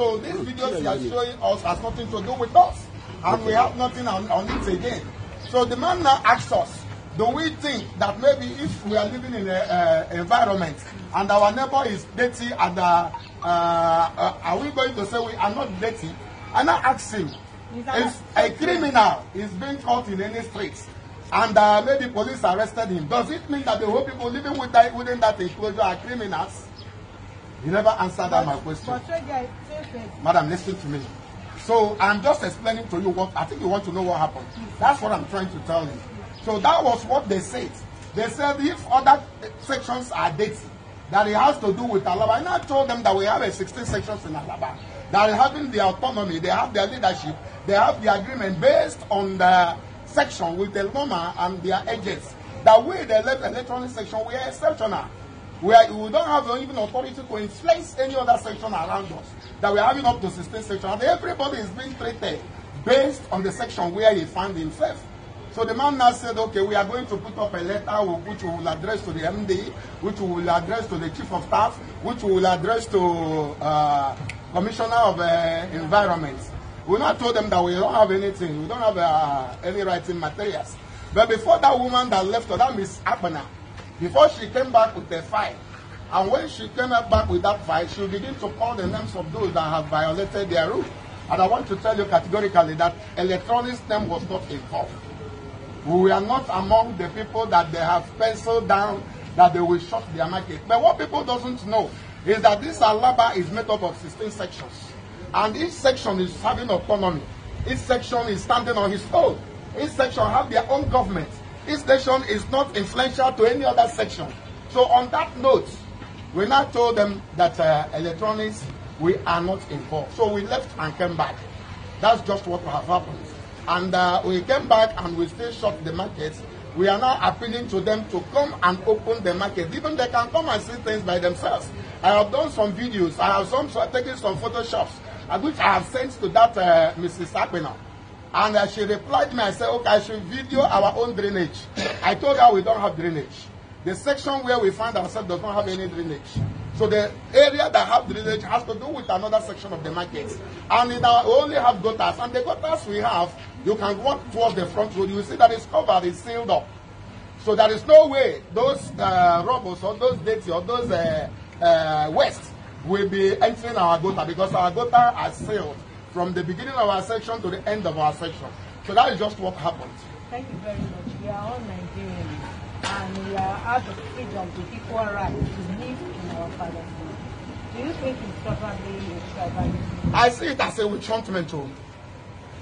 So these videos he are showing us has nothing to do with us. And okay. we have nothing on, on it again. So the man now asks us, do we think that maybe if we are living in a uh, environment and our neighbor is dirty and uh, uh, uh, are we going to say we are not dirty? And I ask him, If a criminal is being caught in any streets and uh, maybe police arrested him, does it mean that the whole people living with that, within that enclosure are criminals? You never answered that my question. Madam, listen to me. So I'm just explaining to you what I think you want to know what happened. That's what I'm trying to tell you. So that was what they said. They said if other sections are dating, that it has to do with Alaba. And I told them that we have a 16 sections in Alaba. That having the autonomy, they have their leadership, they have the agreement based on the section with the Loma and their agents. That left the electronic section, we are exceptional we don't have even authority to influence any other section around us. That we're having up to 16 sections. And everybody is being treated based on the section where he found himself. So the man now said, okay, we are going to put up a letter which we will address to the MD, which we will address to the chief of staff, which we will address to uh, commissioner of uh, environment. We not told them that we don't have anything, we don't have uh, any writing materials. But before that woman that left, that Miss Abner, before she came back with the fight, and when she came back with that fight, she began to call the names of those that have violated their rule. And I want to tell you categorically that electronic stamp was not involved. We are not among the people that they have penciled down that they will shut their market. But what people doesn't know is that this Alaba is made up of 16 sections. And each section is having autonomy. Each section is standing on its own. Each section have their own government this section is not influential to any other section. So on that note, we now told them that uh, electronics, we are not involved. So we left and came back. That's just what has happened. And uh, we came back and we still shut the markets. We are now appealing to them to come and open the market. Even they can come and see things by themselves. I have done some videos. I have some, so taken some photoshops, uh, which I have sent to that uh, Mrs. Aquino. And uh, she replied me, I said, okay, I should video our own drainage. I told her we don't have drainage. The section where we find ourselves does not have any drainage. So the area that have drainage has to do with another section of the market. And it only have gutters. And the gutters we have, you can walk towards the front road. You see that it's covered, it's sealed up. So there is no way those uh, robbers or those dirty or those uh, uh, waste will be entering our gutter because our gutter are sealed from the beginning of our section to the end of our section. So that is just what happened. Thank you very much. We are all Nigerians and we are advocates of the equal rights to live in our father's Do you think it's properly tribalism? I see it as a enchantment too.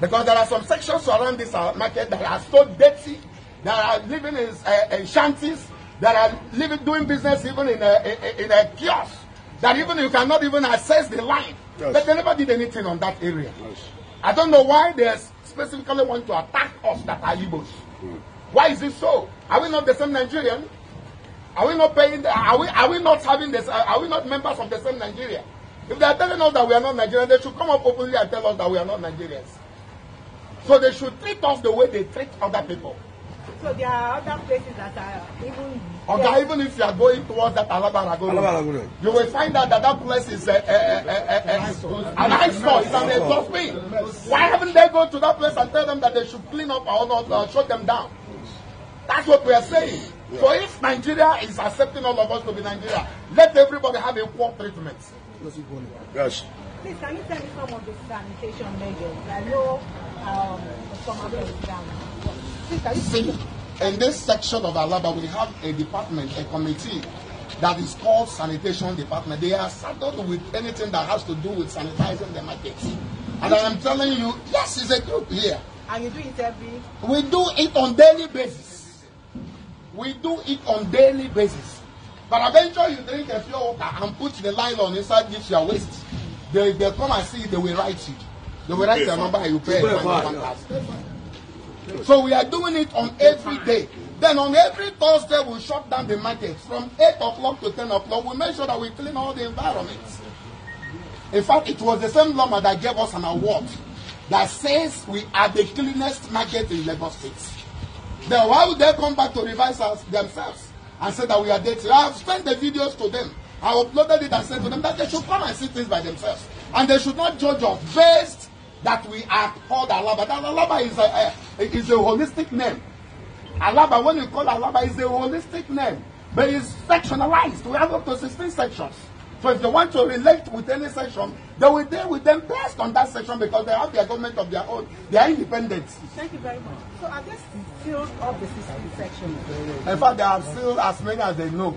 Because there are some sections around this market that are so dirty, that are living in, uh, shanties, that are living doing business even in a, in, in a kiosk that even you cannot even assess the line. Yes. But they never did anything on that area. Yes. I don't know why they specifically want to attack us that are Igbos. Mm. Why is it so? Are we not the same Nigerian? Are we not paying? The, are we are we not having this? Uh, are we not members of the same Nigeria? If they are telling us that we are not Nigerians, they should come up openly and tell us that we are not Nigerians. So they should treat us the way they treat other people. So there are other places that are even. Okay, even if you are going towards that Alabaragoro, you will find out that that place is a, a, a, a, a, an eyesore. It's an exhaust Why haven't they gone to that place and tell them that they should clean up or not, uh, shut them down? That's what we are saying. Yeah. So if Nigeria is accepting all of us to be Nigeria, let everybody have equal treatment. Yes. Please, can you tell me some of the sanitation measures? I know um, some of them down. See, in this section of Alaba, we have a department, a committee that is called sanitation department. They are saddled with anything that has to do with sanitizing the market. And I am telling you, yes, it's a group here. And you do it every? We do it on daily basis. We do it on daily basis. But eventually you drink a few water and put the nylon inside this your waist. They, they come and see, they will write you. They will write your number you pay. You pay So we are doing it on every day. Then on every Thursday, we shut down the market from 8 o'clock to 10 o'clock. We make sure that we clean all the environment. In fact, it was the same lawman that gave us an award that says we are the cleanest market in Lagos State. Then why would they come back to revise us themselves and say that we are dirty? I have sent the videos to them. I uploaded it and said to them that they should come and see things by themselves. And they should not judge us based that we are called Alaba. That Alaba is a, a, is a holistic name. Alaba, when you call Alaba, is a holistic name. But it's sectionalized. We have up to 16 sections. So if they want to relate with any section, they will deal with them based on that section because they have their government of their own. They are independent. Thank you very much. So are they still of the 16 sections? In fact, there are still as many as they know.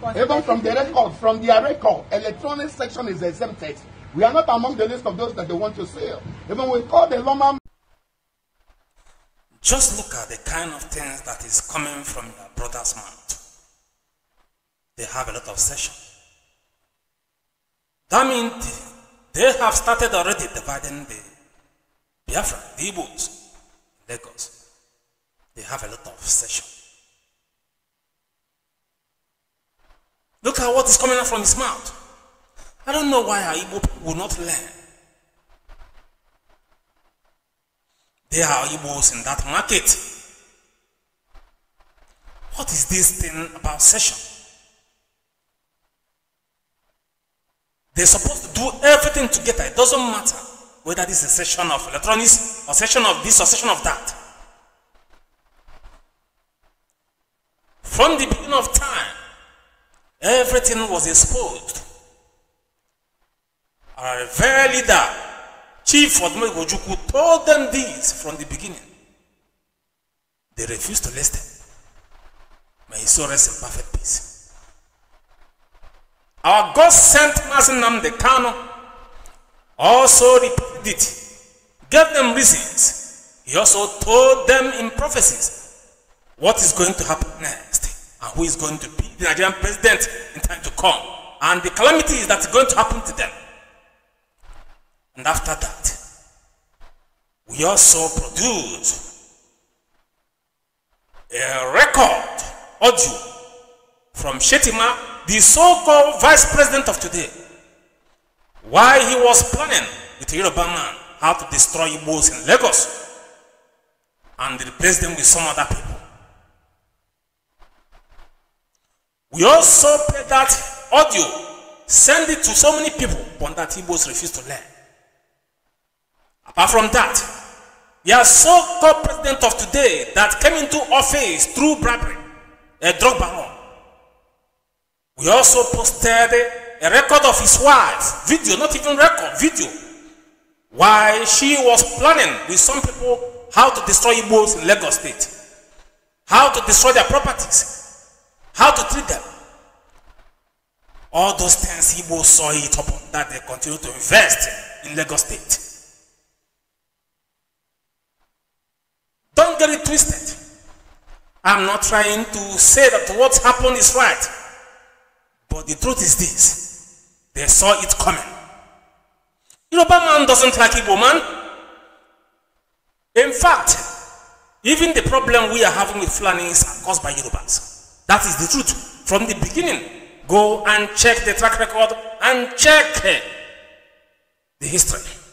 But Even from the record, from their record, electronic section is exempted. We are not among the list of those that they want to sell. Even we call the lawman. Just look at the kind of things that is coming from your brother's mouth. They have a lot of session. That means they have started already dividing the Biafra, the Igbos, Lagos. They have a lot of session. Look at what is coming out from his mouth. I don't know why our Igbo people will not learn. There are Igbos in that market. What is this thing about session? They're supposed to do everything together. It doesn't matter whether this is a session of electronics or session of this or session of that. From the beginning of time, everything was exposed our very leader, Chief Odumoy Gojuku, told them this from the beginning. They refused to listen. May his soul rest in perfect peace. Our God sent Masinam the Kano, also repeated it, gave them reasons. He also told them in prophecies what is going to happen next and who is going to be the Nigerian president in time to come. And the calamity is that's going to happen to them. And after that, we also produce a record audio from Shetima, the so-called vice president of today, why he was planning with Yoruba man how to destroy Igbos in Lagos and replace them with some other people. We also played that audio, send it to so many people, but that Igbos refused to learn. Apart from that, we are so-called president of today that came into office through bribery, a drug baron. We also posted a record of his wife, video, not even record, video, while she was planning with some people how to destroy Igbos in Lagos State, how to destroy their properties, how to treat them. All those things Igbo saw it upon that they continue to invest in Lagos State. get it twisted. I'm not trying to say that what's happened is right. But the truth is this. They saw it coming. Yoruba man doesn't like Igbo man. In fact, even the problem we are having with Fulani is caused by Yorubas. That is the truth. From the beginning, go and check the track record and check the history.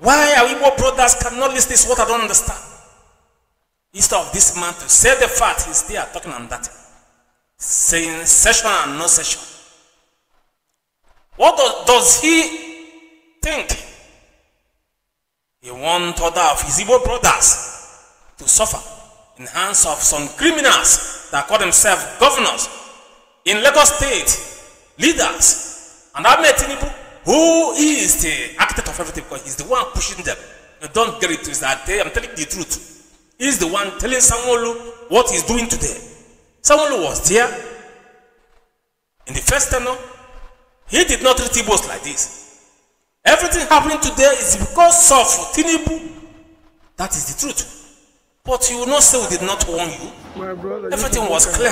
Why our more brothers cannot list this? What I don't understand. Instead of this man to say the fact, he's there talking on that. Saying session and no session. What does, does he think? He wants other of his evil brothers to suffer in hands of some criminals that call themselves governors in Lagos State, leaders, and I Ahmed Tinubu who is the architect of everything because he's the one pushing them. You don't get it twisted. I'm telling the truth. He's the one telling Samuelu what he's doing today. Samuelu was there in the first tenor. He did not treat Igbos like this. Everything happening today is because of Tinibu. That is the truth. But you will not say we did not warn you. My brother, Everything was clear.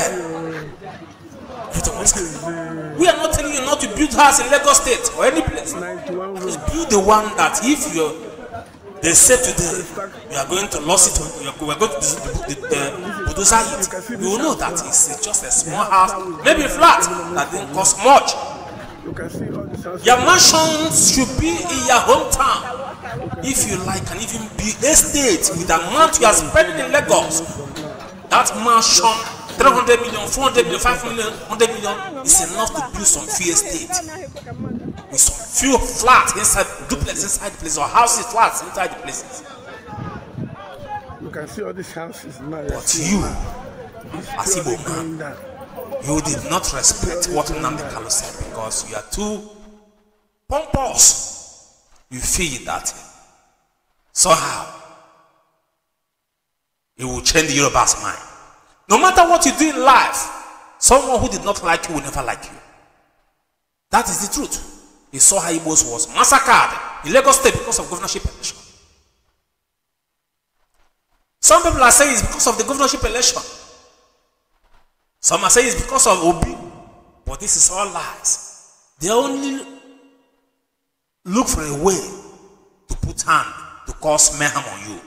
We are not telling you not to build house in Lagos State or any place. Just build the one that if you're they say to them, you are going to lose it, you are going to the, the, the bulldozer it. You will know that it's just a small house, maybe flat, that didn't cost much. Your mansions should be in your hometown. If you like, can even be estate with the amount you are spending in Lagos. That mansion 300 million, 400 million, 500 million is enough to build some few estates, With some few flats inside, duplex inside the place, or houses, flats inside the places. You can see all these houses But you, as you did not respect what Nnamdi Kalu said because you are too pompous. You feel that somehow it will change Yoruba's mind. No matter what you do in life, someone who did not like you will never like you. That is the truth. He saw how Igbos was massacred in Lagos State because of governorship election. Some people are saying it's because of the governorship election. Some are saying it's because of Obi. But this is all lies. They only look for a way to put hand to cause mayhem on you.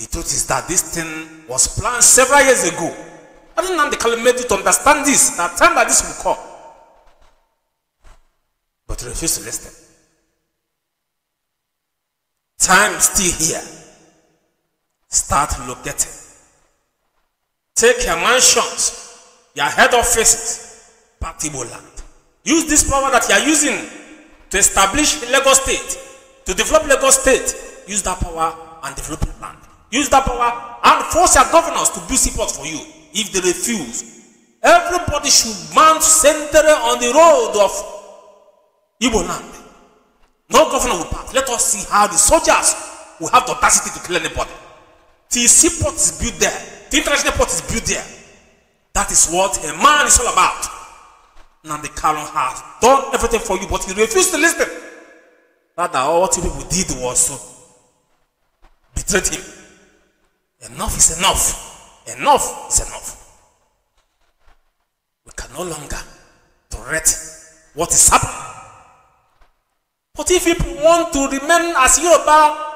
The truth is that this thing was planned several years ago. I didn't have the calamity to understand this. That time that this will come. But refused to listen. Time still here. Start locating. Take your mansions, your head offices, partible land. Use this power that you are using to establish Lagos State, to develop Lagos State. Use that power and develop land. Use that power and force your governors to build seaports for you if they refuse. Everybody should mount centre on the road of Igbo land. No governor will pass. Let us see how the soldiers will have the audacity to kill anybody. The seaport is built there, the international port is built there. That is what a man is all about. Now the Kanu has done everything for you, but he refused to listen. Rather, all what people did was to betray him. Enough is enough. Enough is enough. We can no longer tolerate what is happening. But if people want to remain as Yoruba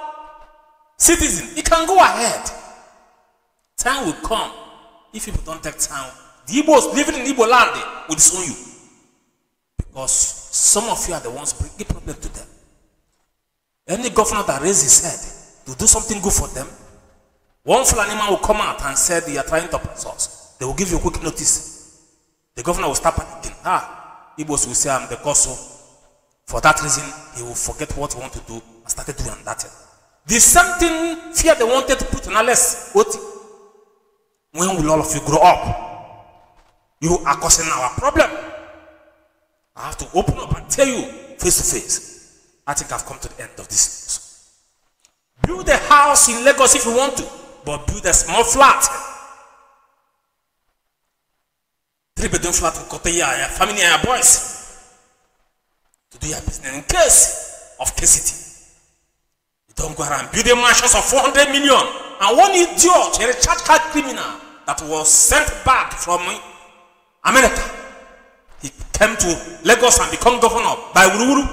citizen, it can go ahead. Time will come. If people don't take time, the Igbos living in Igbo land will disown you. Because some of you are the ones bringing problem to them. Any governor that raises his head to do something good for them, One full animal will come out and say they are trying to oppress us. They will give you quick notice. The governor will start panicking. Ah, Igbos will say I'm the cause. So for that reason, he will forget what he want to do and started doing that. Thing. The same thing fear they wanted to put on Alex what? When will all of you grow up? You are causing our problem. I have to open up and tell you face to face. I think I've come to the end of this. Build a house in Lagos if you want to. but build a small flat. Three bedroom flat will cut your family and your boys to do your business in case of scarcity. You don't go around building mansions of four hundred million. And one idiot, a recharge card criminal that was sent back from America. He came to Lagos and become governor by rule.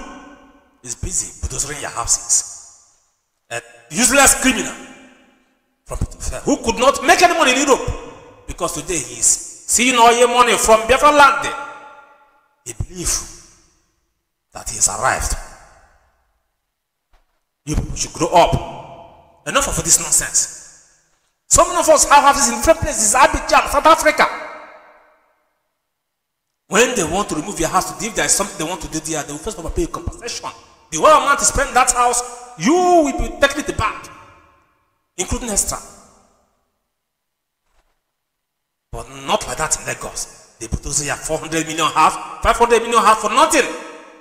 He's busy bulldozing your houses. A useless criminal who could not make any money in Europe because today he is seeing all your money from Biafra land. He believes that he has arrived. You should grow up. Enough of this nonsense. Some of us have, houses this in different places, Abidjan, South Africa. When they want to remove your house, to give there is something they want to do there, they will first of all pay you compensation. The whole amount to spend that house, you will be taking it back. including extra. But not like that in Lagos. They put also here 400 million half, 500 million half for nothing.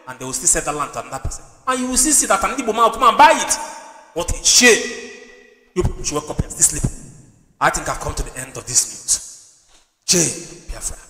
And they will still sell the land to another person. And you will still see that an Igbo man will come and buy it. What a shame. You should wake up and sleep. I think I've come to the end of this news. J. Biafra.